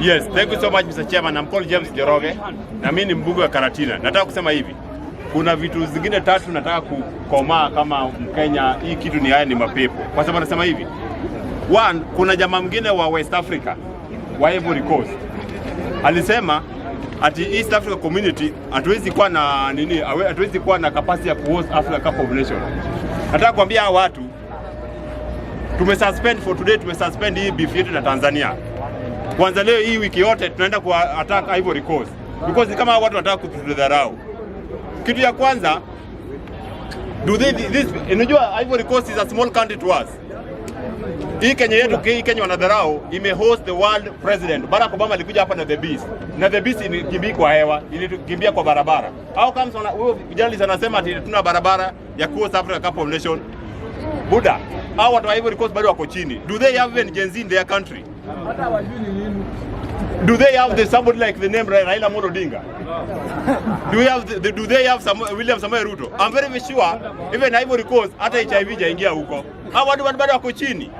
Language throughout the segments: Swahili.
Yes, thank you so much Mr. Chairman. I'm Paul James Jeroge. na mimi ni mbunge wa Karatina. Nataka kusema hivi, kuna vitu zingine tatu nataka kukomaa kama Mkenya. Hii kitu ni haya ni mapepo, kwa sababu nasema hivi one, kuna jamaa mwingine wa West Africa wa Ivory Coast alisema ati East Africa Community hatuwezi kuwa na nini, hatuwezi kuwa na capacity ya host Africa Cup population. Nataka kuambia hao watu tumesuspend for today, tumesuspend hii beef yetu na Tanzania kwanza leo hii wiki yote tunaenda kwa attack Ivory Coast because kama watu wanataka kutudharau. Kitu ya kwanza do they, this unajua Ivory Coast is a small country to us. Hii Kenya yetu, hii Kenya wanadharau, ime host the world president. Barack Obama alikuja hapa na the beast. Na the beast ilikimbia kwa hewa, ilikimbia kwa barabara. How comes wana huyo vijana anasema ati tuna barabara ya cross Africa population. Buda, hao watu wa Ivory Coast bado wako chini. Do they have even Gen Z in their country? Do they have the, somebody like the name Raila Amolo Odinga? Do, we have the, do they have some, William Samoei Ruto? I'm very sure even Ivory Coast hata HIV jaingia huko. Hawa watu bado wako chini.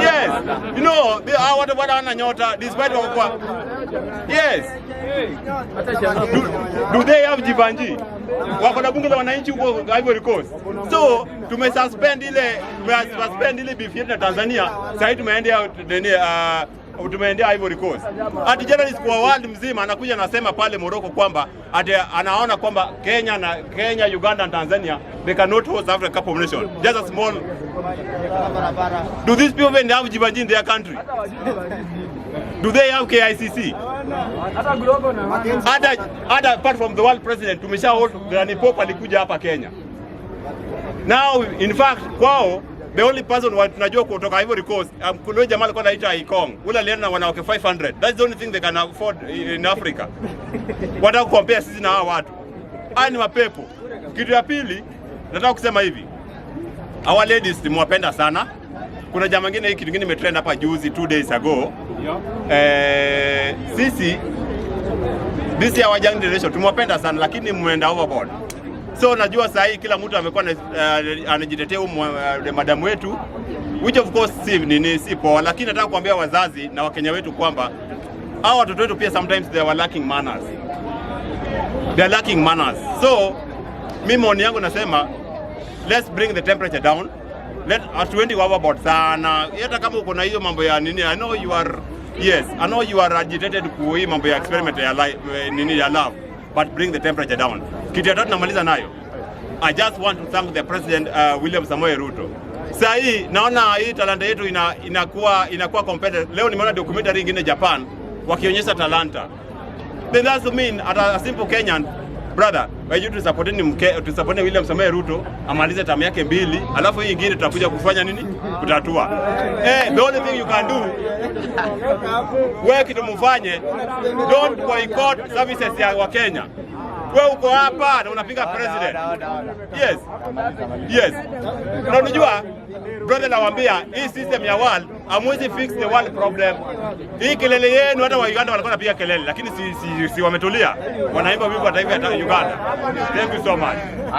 Yes. You know, hawa watu bado wana nyota despite wako kwa. Yes. Do, do they have Jibanji? Wako na bunge la wananchi huko Ivory Coast. So, tume suspend ile tume suspend ile beef yetu na Tanzania. Sasa hivi tumeendea uh, tumeendea Ivory Coast. Ati journalist kwa world mzima anakuja anasema pale Morocco kwamba ati anaona kwamba Kenya na Kenya, Uganda na Tanzania they cannot host Africa Cup of Nations. Just a small. Do these people even have Jibaji in their country? Do they have KICC? Hata, hata apart from the world president tumesha hold Granny Pope alikuja hapa Kenya. Now in fact kwao the only person wa tunajua kutoka Ivory Coast um, kuna jamaa alikuwa anaitwa Ikong. Ule alienda na wanawake 500. That's the only thing they can afford in Africa. Wanataka kukompea sisi na hao watu. Haya ni mapepo. Kitu ya pili Nataka kusema hivi, our ladies mwapenda sana. Kuna jamaa mwingine hiki kingine ngine imetrend hapa juzi, two days ago eh, sisi this year young generation tumewapenda sana, lakini mmeenda overboard. So najua saa hii kila mtu amekuwa uh, anajitetea uh, madamu wetu which of course si nini, si poa, lakini nataka kuambia wazazi na wakenya wetu kwamba hao watoto wetu pia sometimes they were lacking manners, they are lacking manners. So mimi maoni yangu nasema let's bring the temperature down. Let us 20 about sana. Hata kama uko na hiyo mambo ya nini, I know you are yes, I know you are agitated kwa hii mambo ya experiment ya life, eh, nini ya love, but bring the temperature down. Kitu ya tatu namaliza nayo. I just want to thank the President uh, William Samoei Ruto. Sasa hii naona hii talanta yetu ina, inakuwa inakuwa competitive. Leo nimeona documentary nyingine Japan wakionyesha talanta. Then that's mean at a simple Kenyan brother, wewe tusapoteni ni mke tusapoteni William Samoei Ruto amalize tamu yake mbili, alafu hii nyingine tutakuja kufanya nini? Kutatua. Eh, the only thing you can do wewe kitu mfanye, don't boycott services ya wa Kenya. Wewe uko hapa na unapiga president. Yes. Yes. Na unajua brother, nawaambia hii system ya world amwezi fix the world problem. Hii kelele yenu, hata wa Uganda wanakuwa napiga kelele, lakini si, si, si wametulia, wanaimba wimbo wa taifa ya Uganda. Thank you so much.